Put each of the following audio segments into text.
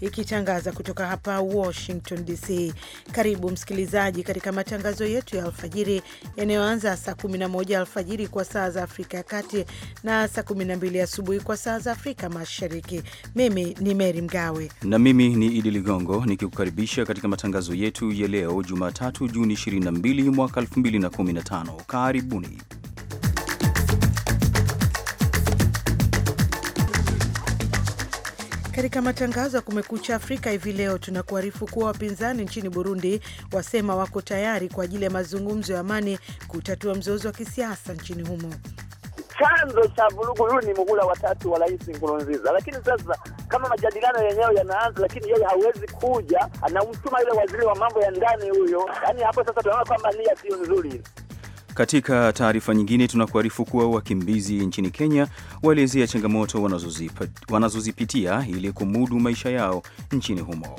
ikitangaza kutoka hapa Washington DC. Karibu msikilizaji katika matangazo yetu ya alfajiri yanayoanza saa 11 alfajiri kwa saa za Afrika ya Kati na saa 12 asubuhi kwa saa za Afrika Mashariki. Mimi ni Mary Mgawe na mimi ni Idi Ligongo nikikukaribisha katika matangazo yetu ya leo Jumatatu, Juni 22 mwaka 2015. Karibuni. Katika matangazo ya Kumekucha Afrika hivi leo tunakuarifu kuwa wapinzani nchini Burundi wasema wako tayari kwa ajili ya mazungumzo ya amani kutatua mzozo wa kisiasa nchini humo. Chanzo cha vurugu huyu ni muhula watatu wa Rais Nkurunziza, lakini sasa kama majadiliano yenyewe yanaanza, lakini yeye hawezi kuja, anamtuma yule waziri wa mambo ya ndani huyo. Yaani hapo sasa tunaona kwamba nia sio nzuri. Katika taarifa nyingine, tunakuarifu kuwa wakimbizi nchini Kenya waelezea changamoto wanazozipitia ili kumudu maisha yao nchini humo.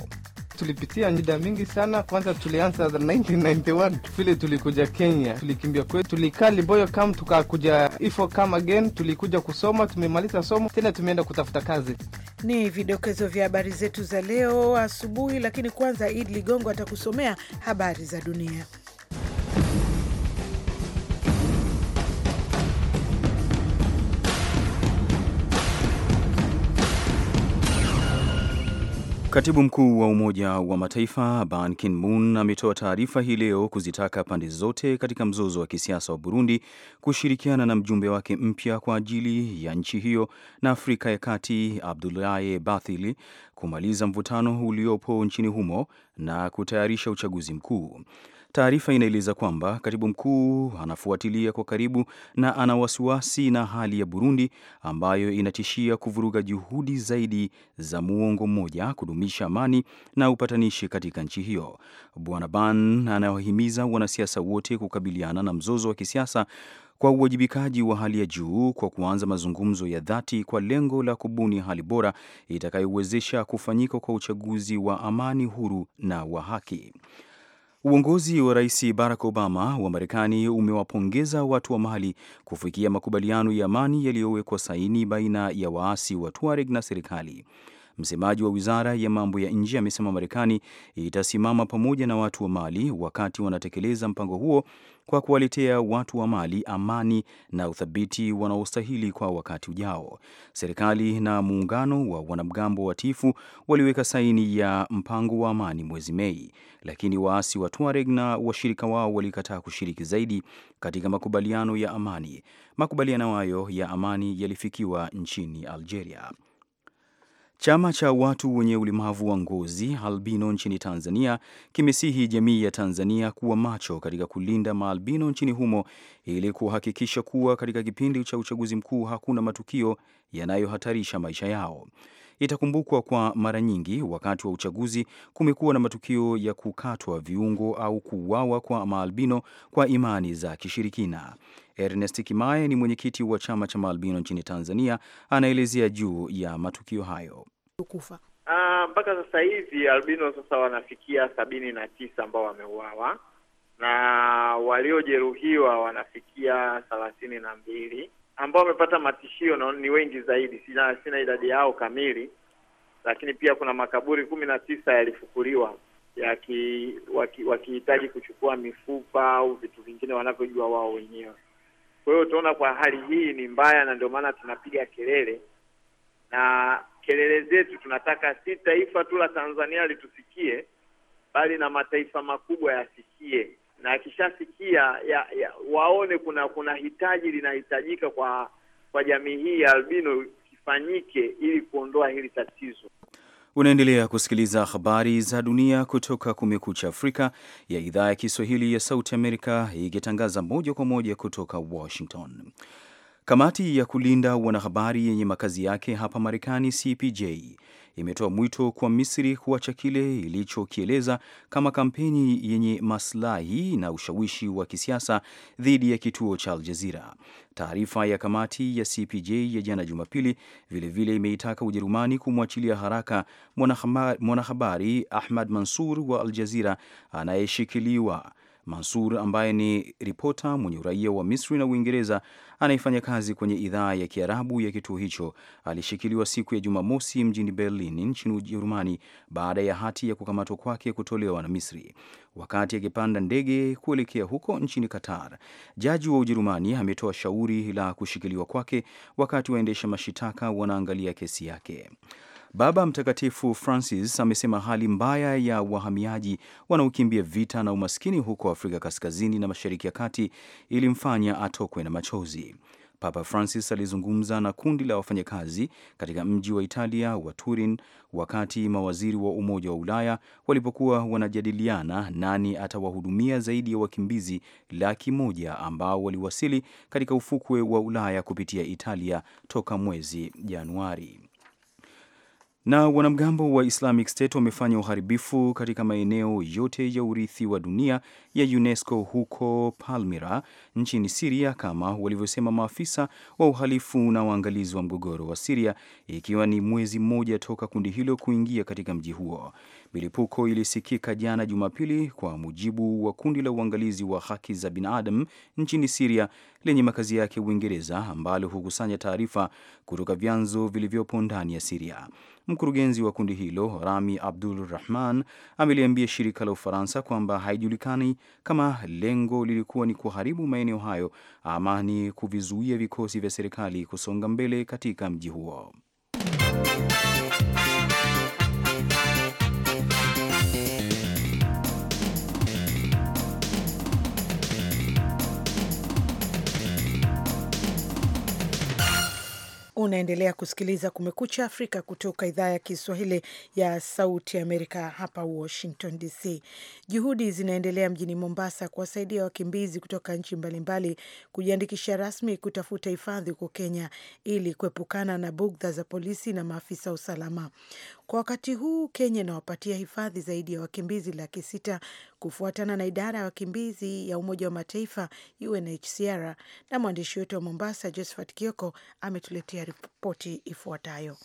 Tulipitia shida mingi sana. Kwanza tulianza 1991 vile tulikuja Kenya, tulikimbia kwetu, tulikaa Limboyo kam, tukakuja ifo kam again. Tulikuja kusoma, tumemaliza somo tena tumeenda kutafuta kazi. Ni vidokezo vya habari zetu za leo asubuhi, lakini kwanza Idi Ligongo atakusomea habari za dunia. Katibu mkuu wa Umoja wa Mataifa Ban Ki-moon ametoa taarifa hii leo kuzitaka pande zote katika mzozo wa kisiasa wa Burundi kushirikiana na mjumbe wake mpya kwa ajili ya nchi hiyo na Afrika ya Kati Abdoulaye Bathily kumaliza mvutano uliopo nchini humo na kutayarisha uchaguzi mkuu. Taarifa inaeleza kwamba katibu mkuu anafuatilia kwa karibu na ana wasiwasi na hali ya Burundi ambayo inatishia kuvuruga juhudi zaidi za muongo mmoja kudumisha amani na upatanishi katika nchi hiyo. Bwana Ban anawahimiza wanasiasa wote kukabiliana na mzozo wa kisiasa kwa uwajibikaji wa hali ya juu kwa kuanza mazungumzo ya dhati kwa lengo la kubuni hali bora itakayowezesha kufanyika kwa uchaguzi wa amani, huru na wa haki. Uongozi wa Rais Barack Obama wa Marekani umewapongeza watu wa Mali kufikia makubaliano ya amani yaliyowekwa saini baina ya waasi wa Tuareg na serikali. Msemaji wa wizara ya mambo ya nje amesema Marekani itasimama pamoja na watu wa Mali wakati wanatekeleza mpango huo kwa kuwaletea watu wa Mali amani na uthabiti wanaostahili kwa wakati ujao. Serikali na muungano wa wanamgambo wa tifu waliweka saini ya mpango wa amani mwezi Mei, lakini waasi wa Tuareg na washirika wao walikataa kushiriki zaidi katika makubaliano ya amani. Makubaliano hayo ya amani yalifikiwa nchini Algeria. Chama cha watu wenye ulemavu wa ngozi albino nchini Tanzania kimesihi jamii ya Tanzania kuwa macho katika kulinda maalbino nchini humo ili kuhakikisha kuwa katika kipindi cha uchaguzi mkuu hakuna matukio yanayohatarisha maisha yao. Itakumbukwa kwa mara nyingi wakati wa uchaguzi kumekuwa na matukio ya kukatwa viungo au kuuawa kwa maalbino kwa imani za kishirikina. Ernest Kimae ni mwenyekiti wa chama cha maalbino nchini Tanzania, anaelezea juu ya matukio hayo. Kufa ah, mpaka sasa hivi albino sasa wanafikia sabini na tisa ambao wameuawa na waliojeruhiwa wanafikia thelathini na mbili ambao wamepata matishio na ni wengi zaidi, sina sina idadi yao kamili, lakini pia kuna makaburi kumi na tisa yalifukuliwa yaki wakihitaji waki kuchukua mifupa au vitu vingine wanavyojua wao wenyewe. Kwa hiyo utaona kwa hali hii ni mbaya, na ndio maana tunapiga kelele na kelele zetu tunataka si taifa tu la Tanzania litusikie, bali na mataifa makubwa yasikie na akishasikia ya, ya, waone kuna kuna hitaji linahitajika kwa kwa jamii hii ya albino kifanyike ili kuondoa hili tatizo. Unaendelea kusikiliza habari za dunia kutoka Kumekucha Afrika ya idhaa ya Kiswahili ya Sauti Amerika ikitangaza moja kwa moja kutoka Washington. Kamati ya kulinda wanahabari yenye makazi yake hapa Marekani, CPJ, imetoa mwito kwa Misri kuacha kile ilichokieleza kama kampeni yenye maslahi na ushawishi wa kisiasa dhidi ya kituo cha Aljazira. Taarifa ya kamati ya CPJ ya jana Jumapili vilevile imeitaka Ujerumani kumwachilia haraka mwanahabari Ahmad Mansur wa Aljazira anayeshikiliwa Mansur ambaye ni ripota mwenye uraia wa Misri na Uingereza anayefanya kazi kwenye idhaa ya Kiarabu ya kituo hicho alishikiliwa siku ya Jumamosi mjini Berlin nchini Ujerumani baada ya hati ya kukamatwa kwake kutolewa na Misri wakati akipanda ndege kuelekea huko nchini Qatar. Jaji wa Ujerumani ametoa shauri la kushikiliwa kwake wakati waendesha mashitaka wanaangalia kesi yake. Baba Mtakatifu Francis amesema hali mbaya ya wahamiaji wanaokimbia vita na umaskini huko Afrika Kaskazini na Mashariki ya Kati ilimfanya atokwe na machozi. Papa Francis alizungumza na kundi la wafanyakazi katika mji wa Italia wa Turin wakati mawaziri wa Umoja wa Ulaya walipokuwa wanajadiliana nani atawahudumia zaidi ya wakimbizi laki moja ambao waliwasili katika ufukwe wa Ulaya kupitia Italia toka mwezi Januari. Na wanamgambo wa Islamic State wamefanya uharibifu katika maeneo yote ya urithi wa dunia ya UNESCO huko Palmira nchini Siria, kama walivyosema maafisa wa uhalifu na waangalizi wa mgogoro wa Siria, ikiwa ni mwezi mmoja toka kundi hilo kuingia katika mji huo. Milipuko ilisikika jana Jumapili, kwa mujibu wa kundi la uangalizi wa haki za binadamu nchini Siria lenye makazi yake Uingereza, ambalo hukusanya taarifa kutoka vyanzo vilivyopo ndani ya Siria. Mkurugenzi wa kundi hilo Rami Abdul Rahman ameliambia shirika la Ufaransa kwamba haijulikani kama lengo lilikuwa ni kuharibu maeneo hayo ama ni kuvizuia vikosi vya serikali kusonga mbele katika mji huo. Unaendelea kusikiliza Kumekucha Afrika kutoka idhaa ya Kiswahili ya Sauti ya Amerika hapa Washington DC. Juhudi zinaendelea mjini Mombasa kuwasaidia wakimbizi kutoka nchi mbalimbali kujiandikisha rasmi kutafuta hifadhi huko Kenya ili kuepukana na bugdha za polisi na maafisa usalama. Kwa wakati huu Kenya inawapatia hifadhi zaidi ya wakimbizi laki sita kufuatana na idara ya wakimbizi ya Umoja wa Mataifa UNHCR. Na mwandishi wetu wa Mombasa Josephat Kioko ametuletea ripoti ifuatayo.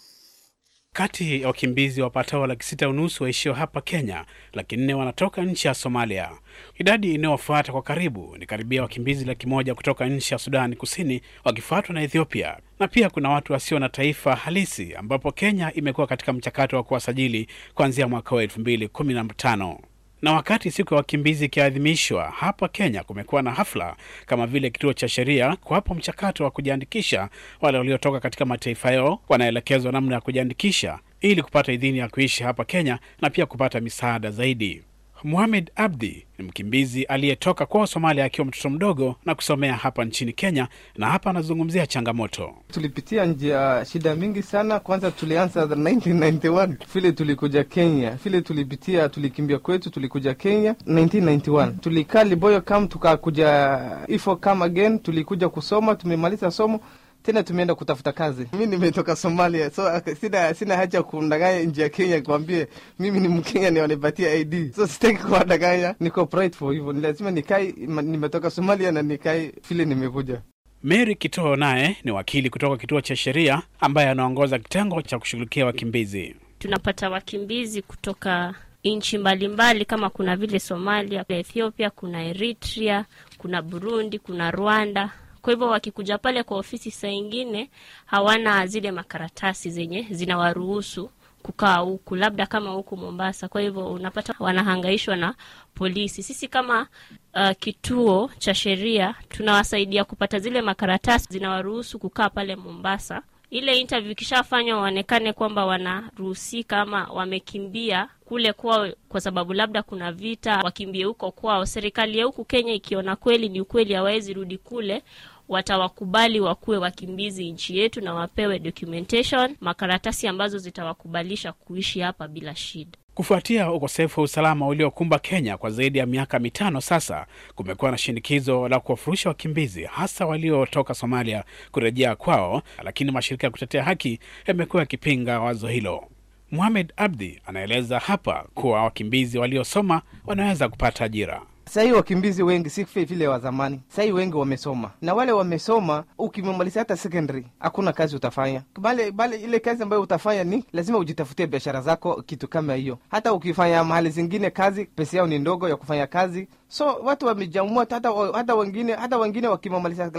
Kati ya wakimbizi wapatao laki sita unusu waishio hapa Kenya, laki nne wanatoka nchi ya Somalia. Idadi inayofuata kwa karibu ni karibia wakimbizi laki moja kutoka nchi ya Sudani Kusini, wakifuatwa na Ethiopia, na pia kuna watu wasio na taifa halisi, ambapo Kenya imekuwa katika mchakato wa kuwasajili kuanzia mwaka wa elfu mbili kumi na tano. Na wakati siku ya wakimbizi ikiadhimishwa hapa Kenya, kumekuwa na hafla kama vile kituo cha sheria kuwapa mchakato wa kujiandikisha wale waliotoka katika mataifa yao, wanaelekezwa namna ya kujiandikisha ili kupata idhini ya kuishi hapa Kenya na pia kupata misaada zaidi muhamed Abdi ni mkimbizi aliyetoka kwa Somalia akiwa mtoto mdogo na kusomea hapa nchini Kenya, na hapa anazungumzia changamoto. Tulipitia njia shida mingi sana. Kwanza tulianza 1991 vile tulikuja Kenya, vile tulipitia, tulikimbia kwetu, tulikuja Kenya 1991 tulikaa Liboyo kam, tukakuja ifo kam again, tulikuja kusoma, tumemaliza somo tena tumeenda kutafuta kazi. Mi nimetoka Somalia, so uh, sina, sina haja kundanganya nji ya Kenya kuambie mimi ni Mkenya niwanepatia ID, so sitaki kuwadanganya, niko pride for hivyo, ni lazima nikai nimetoka Somalia na nikae vile nimekuja. Mary Kitoo naye ni wakili kutoka kituo cha sheria ambaye anaongoza kitengo cha kushughulikia wakimbizi. Tunapata wakimbizi kutoka nchi mbalimbali kama kuna vile Somalia, kuna Ethiopia, kuna Eritrea, kuna Burundi, kuna Rwanda kwa hivyo wakikuja pale kwa ofisi, saa ingine hawana zile makaratasi zenye zinawaruhusu kukaa huku, labda kama huku Mombasa. Kwa hivyo unapata wanahangaishwa na polisi. Sisi kama uh, kituo cha sheria tunawasaidia kupata zile makaratasi zinawaruhusu kukaa pale Mombasa. Ile interview ikishafanywa, waonekane kwamba wanaruhusika ama wamekimbia kule kwao kwa sababu labda kuna vita, wakimbie huko kwao. Serikali ya huku Kenya ikiona kweli ni ukweli hawawezi rudi kule, watawakubali wakuwe wakimbizi nchi yetu na wapewe documentation, makaratasi ambazo zitawakubalisha kuishi hapa bila shida. Kufuatia ukosefu wa usalama uliokumba Kenya kwa zaidi ya miaka mitano sasa, kumekuwa na shinikizo la kuwafurusha wakimbizi hasa waliotoka Somalia kurejea kwao, lakini mashirika ya kutetea haki yamekuwa yakipinga wazo hilo. muhamed Abdi anaeleza hapa kuwa wakimbizi waliosoma wanaweza kupata ajira. Sahii wakimbizi wengi si vile wa zamani, sahii wengi wamesoma, na wale wamesoma, ukimemaliza hata secondary hakuna kazi utafanya bale, bale. Ile kazi ambayo utafanya ni lazima ujitafutie biashara zako, kitu kama hiyo. Hata ukifanya mahali zingine kazi, pesa yao ni ndogo ya kufanya kazi, so watu wamejamua. Hata, hata wengine hata wengine wakimemaliza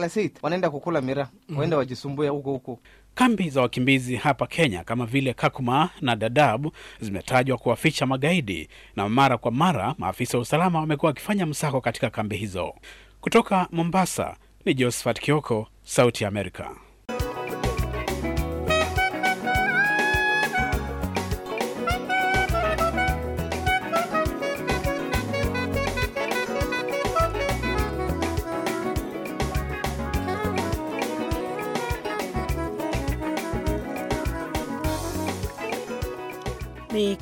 wanaenda kukula miraa, waenda mhm. wajisumbue huko huko. Kambi za wakimbizi hapa Kenya kama vile Kakuma na dadab zimetajwa kuwaficha magaidi na mara kwa mara maafisa wa usalama wamekuwa wakifanya msako katika kambi hizo. Kutoka Mombasa ni Josephat Kioko, Sauti ya Amerika.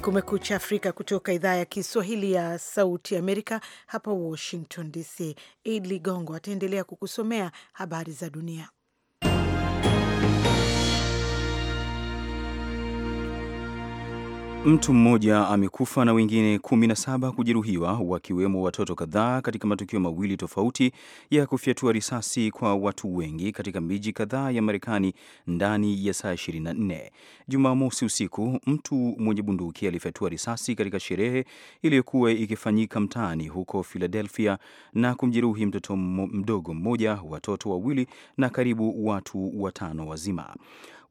Kumekucha Afrika kutoka idhaa ya Kiswahili ya Sauti Amerika hapa Washington DC. Id Ligongo ataendelea kukusomea habari za dunia. Mtu mmoja amekufa na wengine 17 kujeruhiwa wakiwemo watoto kadhaa katika matukio mawili tofauti ya kufyatua risasi kwa watu wengi katika miji kadhaa ya Marekani ndani ya saa 24. Jumamosi usiku, mtu mwenye bunduki alifyatua risasi katika sherehe iliyokuwa ikifanyika mtaani huko Philadelphia na kumjeruhi mtoto mdogo mmoja, watoto wawili na karibu watu watano wazima.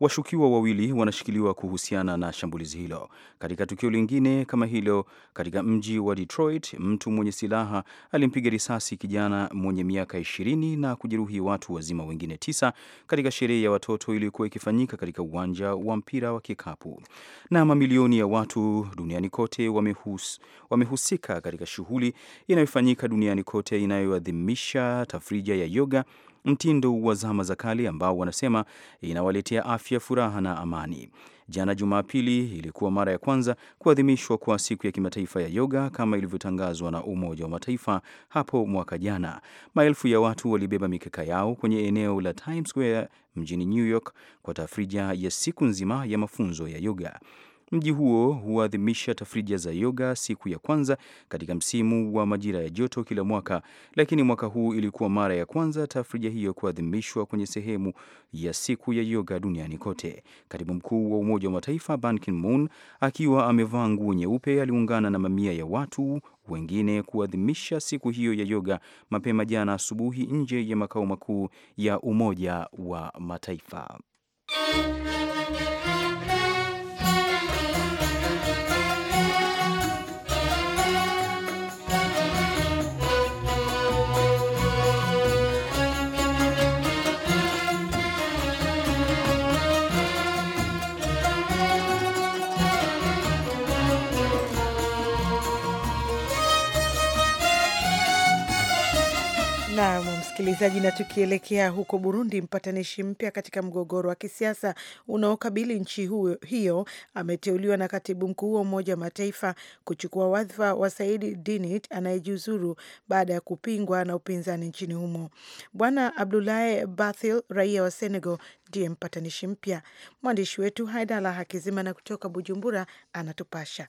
Washukiwa wawili wanashikiliwa kuhusiana na shambulizi hilo. Katika tukio lingine kama hilo, katika mji wa Detroit, mtu mwenye silaha alimpiga risasi kijana mwenye miaka ishirini na kujeruhi watu wazima wengine tisa katika sherehe ya watoto iliyokuwa ikifanyika katika uwanja wa mpira wa kikapu. Na mamilioni ya watu duniani kote wamehus, wamehusika katika shughuli inayofanyika duniani kote inayoadhimisha tafrija ya yoga mtindo wa zama za kale ambao wanasema inawaletea afya, furaha na amani. Jana Jumapili ilikuwa mara ya kwanza kuadhimishwa kwa siku ya kimataifa ya yoga kama ilivyotangazwa na Umoja wa Mataifa hapo mwaka jana. Maelfu ya watu walibeba mikeka yao kwenye eneo la Times Square mjini New York kwa tafrija ya siku nzima ya mafunzo ya yoga. Mji huo huadhimisha tafrija za yoga siku ya kwanza katika msimu wa majira ya joto kila mwaka, lakini mwaka huu ilikuwa mara ya kwanza tafrija hiyo kuadhimishwa kwenye sehemu ya siku ya yoga duniani kote. Katibu mkuu wa Umoja wa Mataifa Ban Ki-moon akiwa amevaa nguo nyeupe aliungana na mamia ya watu wengine kuadhimisha siku hiyo ya yoga mapema jana asubuhi nje ya makao makuu ya Umoja wa Mataifa. msikilizaji, na tukielekea huko Burundi, mpatanishi mpya katika mgogoro wa kisiasa unaokabili nchi huyo, hiyo ameteuliwa na katibu mkuu wa Umoja wa Mataifa kuchukua wadhifa wa Saidi Dinit anayejiuzuru baada ya kupingwa na upinzani nchini humo. Bwana Abdulahi Bathil, raia wa Senegal, ndiye mpatanishi mpya. Mwandishi wetu Haidala Hakizima na kutoka Bujumbura anatupasha.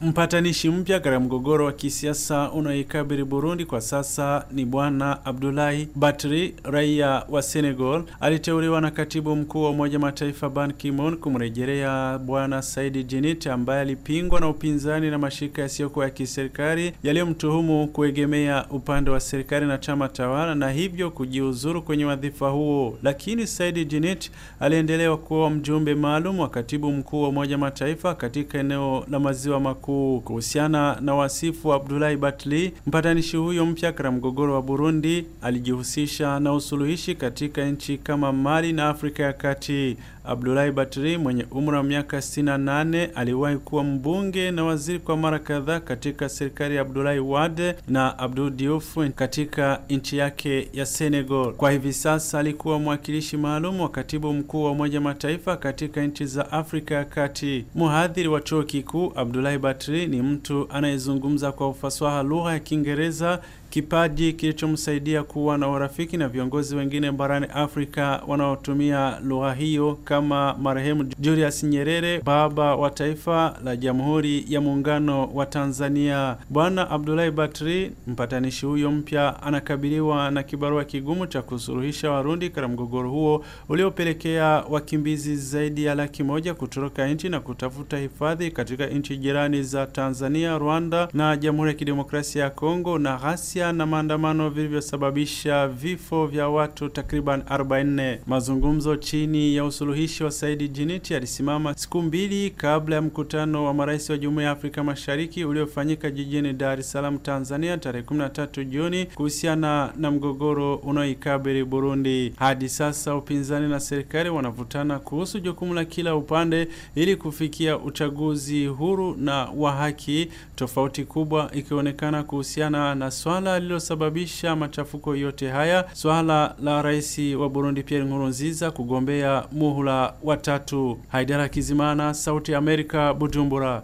Mpatanishi mpya katika mgogoro wa kisiasa unaoikabili Burundi kwa sasa ni Bwana Abdulahi Batri, raia wa Senegal, aliteuliwa na katibu mkuu wa Umoja Mataifa Ban Ki-moon kumrejelea Bwana Saidi Jinit ambaye alipingwa na upinzani na mashirika yasiyokuwa ya kiserikali yaliyomtuhumu kuegemea upande wa serikali na chama tawala na hivyo kujiuzuru kwenye wadhifa huo. Lakini Saidi Jinit aliendelewa kuwa mjumbe maalum wa katibu mkuu wa Umoja Mataifa katika eneo la Maziwa Makuu Kuu kuhusiana na wasifu Abdulahi Batli. Mpatanishi huyo mpya katika mgogoro wa Burundi alijihusisha na usuluhishi katika nchi kama Mali na Afrika ya Kati. Abdulahi Batli mwenye umri wa miaka 68 aliwahi kuwa mbunge na waziri kwa mara kadhaa katika serikali ya Abdulahi Wade na Abdul Diouf katika nchi yake ya Senegal. Kwa hivi sasa alikuwa mwakilishi maalum wa katibu mkuu wa Umoja Mataifa katika nchi za Afrika ya Kati. Mhadhiri wa chuo kikuu Abdulahi Patri ni mtu anayezungumza kwa ufasaha lugha ya Kiingereza kipaji kilichomsaidia kuwa na urafiki na viongozi wengine barani Afrika wanaotumia lugha hiyo kama marehemu Julius Nyerere, baba wa taifa la Jamhuri ya Muungano wa Tanzania. Bwana Abdullahi Batri, mpatanishi huyo mpya, anakabiliwa na kibarua kigumu cha kusuluhisha Warundi katika mgogoro huo uliopelekea wakimbizi zaidi ya laki moja kutoroka nchi na kutafuta hifadhi katika nchi jirani za Tanzania, Rwanda na Jamhuri ya Kidemokrasia ya Kongo na ghasia ghasia na maandamano vilivyosababisha vifo vya watu takriban 44. Mazungumzo chini ya usuluhishi wa Saidi Jiniti yalisimama siku mbili kabla ya mkutano wa marais wa Jumuiya ya Afrika Mashariki uliofanyika jijini Dar es Salaam, Tanzania tarehe 13 Juni kuhusiana na mgogoro unaoikabili Burundi. Hadi sasa upinzani na serikali wanavutana kuhusu jukumu la kila upande ili kufikia uchaguzi huru na wa haki, tofauti kubwa ikionekana kuhusiana na swala swala lililosababisha machafuko yote haya, swala la rais wa Burundi Pierre Nkurunziza kugombea muhula wa tatu. Haidara Kizimana, Sauti ya Amerika, Bujumbura.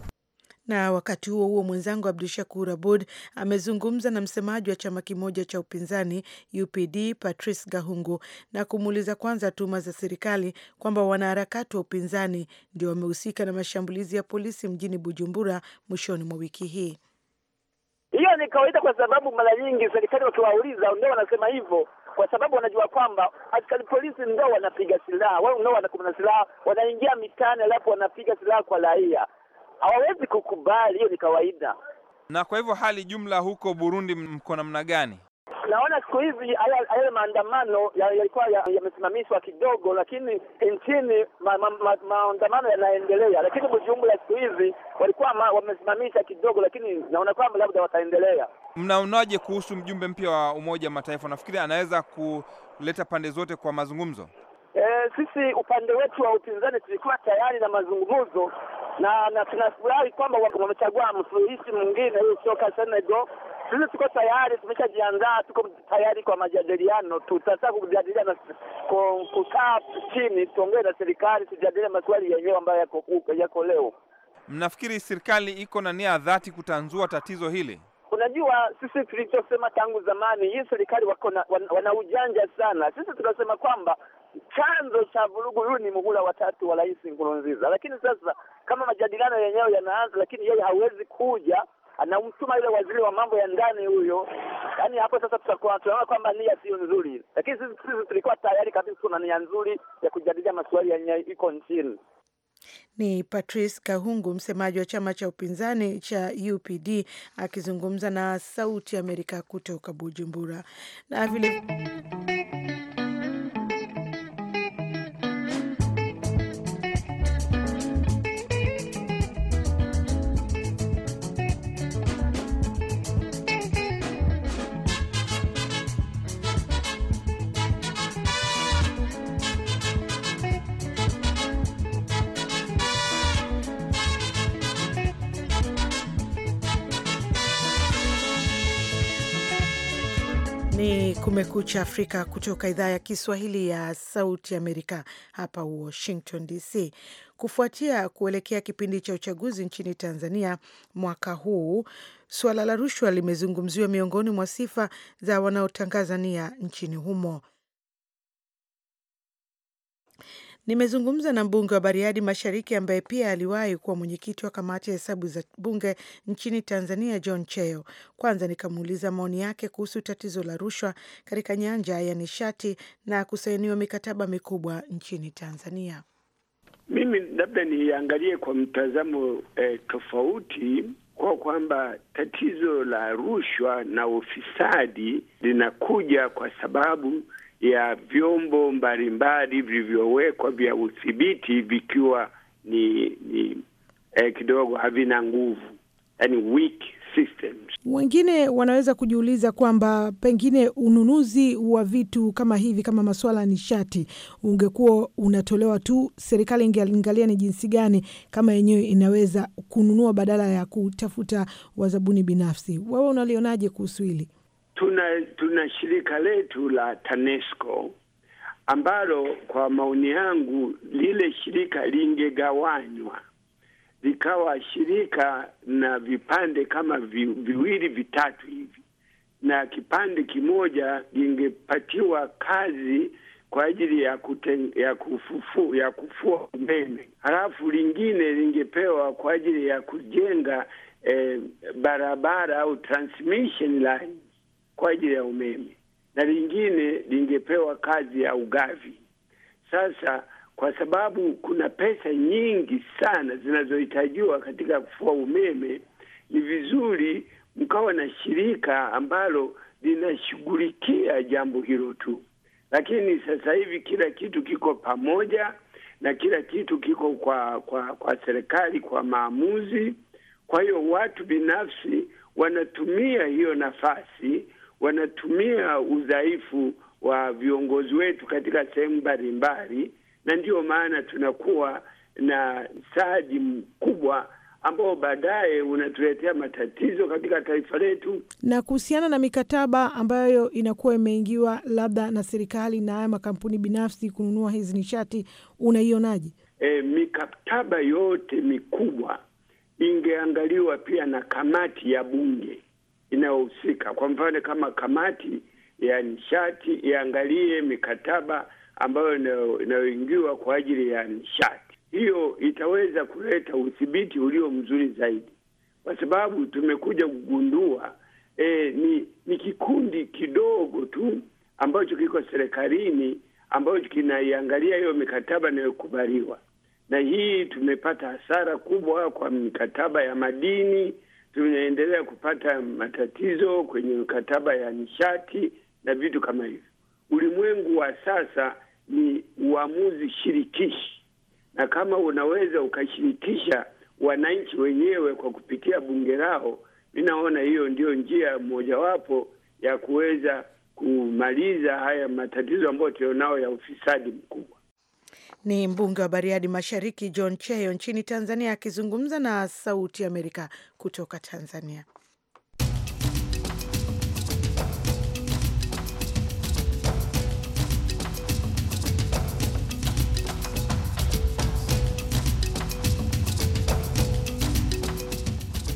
Na wakati huo huo mwenzangu Abdu Shakur Abud amezungumza na msemaji wa chama kimoja cha upinzani UPD Patrice Gahungu na kumuuliza kwanza tuhuma za serikali kwamba wanaharakati wa upinzani ndio wamehusika na mashambulizi ya polisi mjini Bujumbura mwishoni mwa wiki hii ni kawaida, kwa sababu mara nyingi serikali wakiwauliza ndio wanasema hivyo, kwa sababu wanajua kwamba askari polisi ndio wanapiga silaha wao, ndio wanakuwa na silaha, wanaingia mitaani, alafu wanapiga silaha kwa raia. Hawawezi kukubali, hiyo ni kawaida. Na kwa hivyo hali jumla huko Burundi mko namna gani? naona siku hizi yale maandamano yalikuwa yamesimamishwa kidogo, lakini nchini maandamano yanaendelea, lakini la siku hizi walikuwa wamesimamisha kidogo, lakini naona kwamba labda wataendelea. Mnaonaje kuhusu mjumbe mpya wa Umoja Mataifa? Nafikiri anaweza kuleta pande zote kwa mazungumzo. E, sisi upande wetu wa upinzani tulikuwa tayari na mazungumzo, na, na tunafurahi kwamba wamechagua msuluhishi mwingine, hiyo kutoka Senegal. Sisi tuko tayari, tumeshajiandaa, tuko tayari kwa majadiliano. Tutataka kujadiliana, kukaa chini, tuongee na serikali, tujadili maswali yenyewe ambayo yako, yako leo. Mnafikiri serikali iko na nia dhati kutanzua tatizo hili? Unajua, sisi tulichosema tangu zamani, hii serikali wako na, wana, wana ujanja sana. Sisi tunasema kwamba chanzo cha vurugu huyu ni muhula watatu wa Rais Nkurunziza. Lakini sasa kama majadiliano yenyewe yanaanza, lakini yeye hawezi kuja, anamtuma yule waziri wa mambo ya ndani huyo. Yaani hapo sasa tutakuwa tunaona kwamba nia sio nzuri, lakini sisi sisi tulikuwa tayari kabisa, tuna nia nzuri ya kujadilia masuala yenye iko nchini. Ni Patrice Kahungu, msemaji wa chama cha upinzani cha UPD akizungumza na Sauti Amerika kutoka Bujumbura na vile Ni Kumekucha Afrika kutoka idhaa ya Kiswahili ya Sauti Amerika hapa Washington DC. Kufuatia kuelekea kipindi cha uchaguzi nchini Tanzania mwaka huu, suala la rushwa limezungumziwa miongoni mwa sifa za wanaotangazania nchini humo. Nimezungumza na mbunge wa Bariadi Mashariki ambaye pia aliwahi kuwa mwenyekiti wa kamati ya hesabu za bunge nchini Tanzania, John Cheo. Kwanza nikamuuliza maoni yake kuhusu tatizo la rushwa katika nyanja ya nishati na kusainiwa mikataba mikubwa nchini Tanzania. Mimi labda niangalie kwa mtazamo eh, tofauti kwa kwamba tatizo la rushwa na ufisadi linakuja kwa sababu ya vyombo mbalimbali vilivyowekwa vya udhibiti vikiwa ni, ni eh, kidogo havina nguvu, yani weak systems. Wengine wanaweza kujiuliza kwamba pengine ununuzi wa vitu kama hivi kama masuala ya nishati ungekuwa unatolewa tu, serikali ingeangalia ni jinsi gani kama yenyewe inaweza kununua badala ya kutafuta wazabuni binafsi. Wewe unalionaje kuhusu hili? tuna, tuna shirika letu la TANESCO ambalo kwa maoni yangu lile shirika lingegawanywa likawa shirika na vipande kama vi, viwili vitatu hivi, na kipande kimoja lingepatiwa kazi kwa ajili ya kuten, ya kufufu, ya kufua umeme, halafu lingine lingepewa kwa ajili ya kujenga eh, barabara au transmission line kwa ajili ya umeme na lingine lingepewa kazi ya ugavi. Sasa kwa sababu kuna pesa nyingi sana zinazohitajiwa katika kufua umeme, ni vizuri mkawa na shirika ambalo linashughulikia jambo hilo tu. Lakini sasa hivi kila kitu kiko pamoja na kila kitu kiko kwa kwa kwa serikali kwa maamuzi. Kwa hiyo watu binafsi wanatumia hiyo nafasi wanatumia udhaifu wa viongozi wetu katika sehemu mbalimbali, na ndiyo maana tunakuwa na saji mkubwa ambao baadaye unatuletea matatizo katika taifa letu. Na kuhusiana na mikataba ambayo inakuwa imeingiwa labda na serikali na haya makampuni binafsi kununua hizi nishati, unaionaje? E, mikataba yote mikubwa ingeangaliwa pia na kamati ya bunge inayohusika. Kwa mfano, kama kamati ya nishati iangalie mikataba ambayo inayoingiwa kwa ajili ya nishati, hiyo itaweza kuleta udhibiti ulio mzuri zaidi, kwa sababu tumekuja kugundua e, ni, ni kikundi kidogo tu ambacho kiko serikalini ambacho kinaiangalia hiyo mikataba inayokubaliwa, na hii tumepata hasara kubwa kwa mikataba ya madini tunaendelea kupata matatizo kwenye mkataba ya nishati na vitu kama hivyo. Ulimwengu wa sasa ni uamuzi shirikishi, na kama unaweza ukashirikisha wananchi wenyewe kwa kupitia bunge lao, mi naona hiyo ndiyo njia mojawapo ya kuweza kumaliza haya matatizo ambayo tulionao ya ufisadi mkubwa. Ni mbunge wa Bariadi Mashariki John Cheyo nchini Tanzania akizungumza na Sauti Amerika kutoka Tanzania.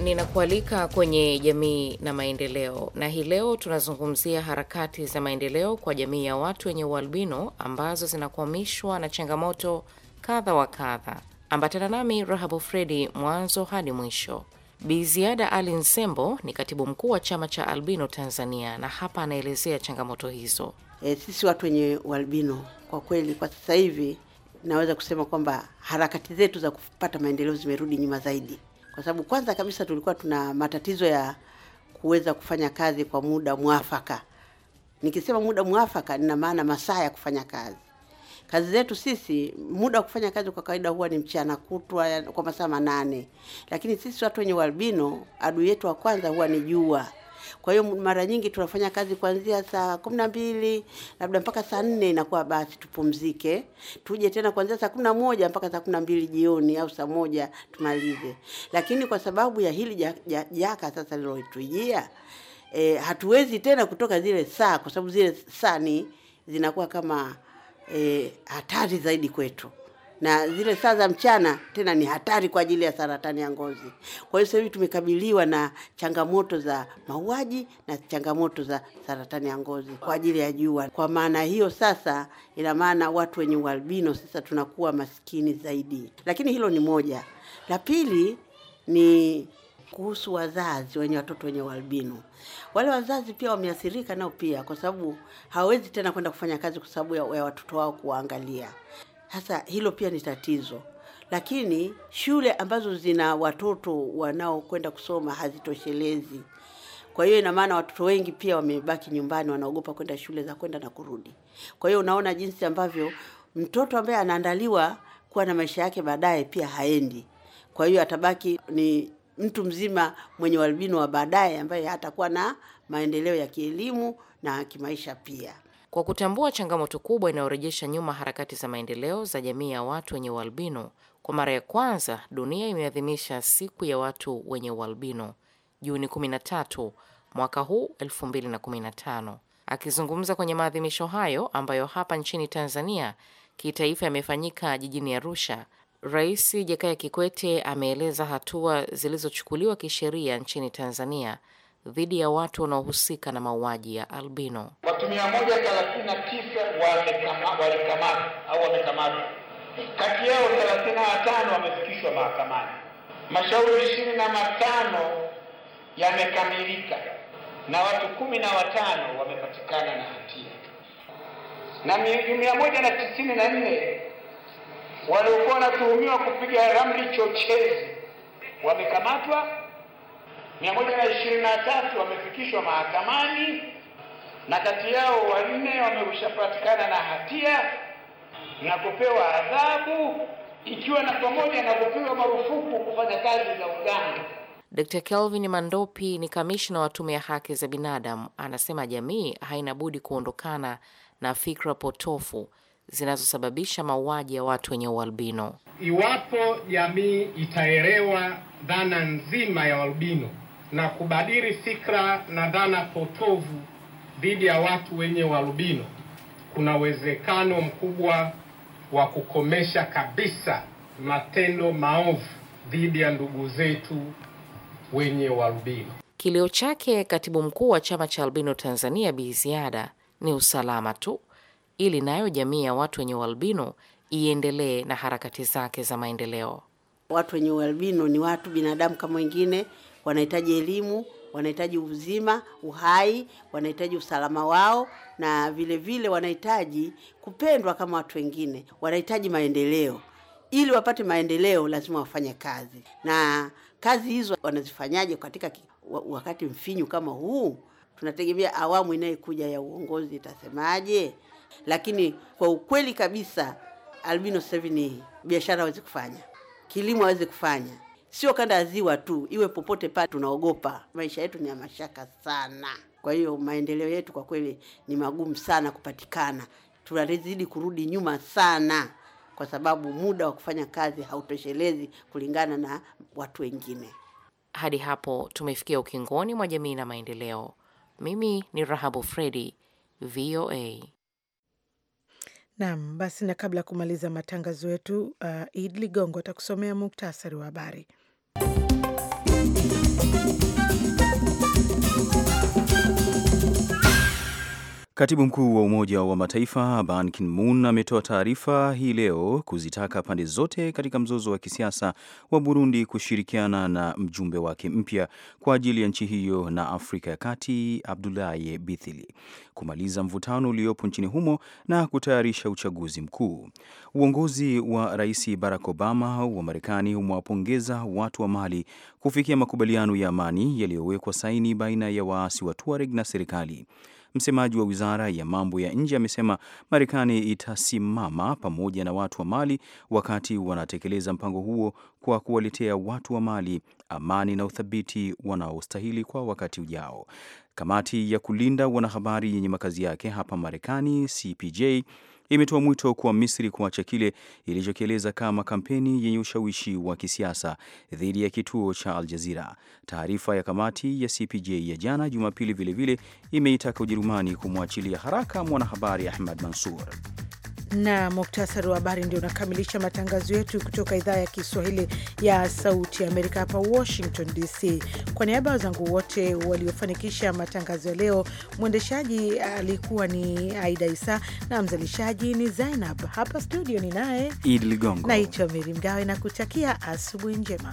ninakualika kwenye jamii na maendeleo, na hii leo tunazungumzia harakati za maendeleo kwa jamii ya watu wenye ualbino ambazo zinakwamishwa na changamoto kadha wa kadha. Ambatana nami Rahabu Fredi mwanzo hadi mwisho. biziada Ali Nsembo ni katibu mkuu wa chama cha albino Tanzania, na hapa anaelezea changamoto hizo. E, sisi watu wenye ualbino kwa kweli kwa sasa hivi naweza kusema kwamba harakati zetu za kupata maendeleo zimerudi nyuma zaidi, kwa sababu kwanza kabisa tulikuwa tuna matatizo ya kuweza kufanya kazi kwa muda mwafaka. Nikisema muda mwafaka, nina maana masaa ya kufanya kazi. Kazi zetu sisi, muda wa kufanya kazi kwa kawaida huwa ni mchana kutwa kwa masaa manane, lakini sisi watu wenye ualbino adui yetu wa kwanza huwa ni jua. Kwa hiyo mara nyingi tunafanya kazi kuanzia saa kumi na mbili labda mpaka saa nne inakuwa basi tupumzike, tuje tena kuanzia saa kumi na moja mpaka saa kumi na mbili jioni au saa moja tumalize. Lakini kwa sababu ya hili jaka sasa liloitujia e, eh, hatuwezi tena kutoka zile saa, kwa sababu zile saa ni zinakuwa kama e, hatari zaidi kwetu na zile saa za mchana tena ni hatari kwa ajili ya saratani ya ngozi. Kwa hiyo sasa hivi tumekabiliwa na changamoto za mauaji na changamoto za saratani ya ngozi kwa ajili ya jua. Kwa maana hiyo sasa, ina maana watu wenye ualbino sasa tunakuwa maskini zaidi, lakini hilo ni moja. La pili ni kuhusu wazazi wenye watoto wenye ualbino. Wale wazazi pia wameathirika nao pia, kwa sababu hawawezi tena kwenda kufanya kazi kwa sababu ya, ya watoto wao kuwaangalia. Sasa hilo pia ni tatizo, lakini shule ambazo zina watoto wanaokwenda kusoma hazitoshelezi. Kwa hiyo ina maana watoto wengi pia wamebaki nyumbani, wanaogopa kwenda shule za kwenda na kurudi. Kwa hiyo unaona jinsi ambavyo mtoto ambaye anaandaliwa kuwa na maisha yake baadaye pia haendi. Kwa hiyo atabaki ni mtu mzima mwenye ualbino wa baadaye ambaye hatakuwa na maendeleo ya kielimu na kimaisha pia kwa kutambua changamoto kubwa inayorejesha nyuma harakati za maendeleo za jamii ya watu wenye ualbino. Kwa mara ya kwanza dunia imeadhimisha siku ya watu wenye ualbino Juni 13 mwaka huu 2015. Akizungumza kwenye maadhimisho hayo ambayo hapa nchini Tanzania kitaifa yamefanyika jijini Arusha, Rais Jakaya Kikwete ameeleza hatua zilizochukuliwa kisheria nchini Tanzania dhidi ya watu wanaohusika na mauaji ya albino. Watu mia moja thelathini na tisa walikamatwa au wamekamatwa, kati yao thelathini na watano wamefikishwa mahakamani. Mashauri ishirini na matano yamekamilika na watu kumi na watano wamepatikana na hatia, na mia moja na tisini na nne waliokuwa wanatuhumiwa kupiga ramli chochezi wamekamatwa 123 wamefikishwa mahakamani na kati yao wanne wameshapatikana na hatia na kupewa adhabu ikiwa na pamoja na kupewa marufuku kufanya kazi za uganga. Dr. Kelvin Mandopi ni kamishna wa tume ya haki za binadamu, anasema jamii haina budi kuondokana na fikra potofu zinazosababisha mauaji ya watu wenye ualbino. Iwapo jamii itaelewa dhana nzima ya ualbino na kubadili fikra na dhana potovu dhidi ya watu wenye ualbino, kuna uwezekano mkubwa wa kukomesha kabisa matendo maovu dhidi ya ndugu zetu wenye ualbino. Kilio chake katibu mkuu wa chama cha albino Tanzania Bi Ziada ni usalama tu, ili nayo jamii ya watu wenye ualbino iendelee na harakati zake za maendeleo. Watu wenye ualbino ni watu binadamu kama wengine wanahitaji elimu, wanahitaji uzima, uhai, wanahitaji usalama wao, na vile vile wanahitaji kupendwa kama watu wengine, wanahitaji maendeleo. Ili wapate maendeleo, lazima wafanye kazi, na kazi hizo wanazifanyaje katika wakati mfinyu kama huu? Tunategemea awamu inayokuja ya uongozi itasemaje? Lakini kwa ukweli kabisa, albino 7 ni biashara hawezi kufanya, kilimo hawezi kufanya sio kanda ya ziwa tu, iwe popote pale. Tunaogopa, maisha yetu ni ya mashaka sana. Kwa hiyo maendeleo yetu kwa kweli ni magumu sana kupatikana, tunazidi kurudi nyuma sana, kwa sababu muda wa kufanya kazi hautoshelezi kulingana na watu wengine. Hadi hapo tumefikia ukingoni mwa jamii na maendeleo. Mimi ni Rahabu Fredi, VOA. Naam, basi na kabla ya kumaliza matangazo yetu, uh, Id Ligongo atakusomea muktasari wa habari. you Katibu mkuu wa Umoja wa Mataifa Ban Ki-moon ametoa taarifa hii leo kuzitaka pande zote katika mzozo wa kisiasa wa Burundi kushirikiana na mjumbe wake mpya kwa ajili ya nchi hiyo na Afrika ya Kati Abdoulaye Bithili kumaliza mvutano uliopo nchini humo na kutayarisha uchaguzi mkuu. Uongozi wa Rais Barack Obama wa Marekani umewapongeza watu wa Mali kufikia makubaliano ya amani yaliyowekwa saini baina ya waasi wa Tuareg na serikali. Msemaji wa wizara ya mambo ya nje amesema Marekani itasimama pamoja na watu wa Mali wakati wanatekeleza mpango huo kwa kuwaletea watu wa Mali amani na uthabiti wanaostahili kwa wakati ujao. Kamati ya kulinda wanahabari yenye makazi yake hapa Marekani, CPJ, imetoa mwito kwa Misri kuacha kile ilichokieleza kama kampeni yenye ushawishi wa kisiasa dhidi ya kituo cha Al Jazeera. Taarifa ya kamati ya CPJ ya jana Jumapili vilevile imeitaka Ujerumani kumwachilia haraka mwanahabari Ahmad Mansur na muktasari wa habari ndio unakamilisha matangazo yetu kutoka idhaa ya Kiswahili ya Sauti ya Amerika hapa Washington DC. Kwa niaba ya wenzangu wote waliofanikisha matangazo ya leo, mwendeshaji alikuwa ni Aida Isa na mzalishaji ni Zainab. Hapa studio ni naye Idi Ligongo, naitwa Meri Mgawe na kutakia asubuhi njema.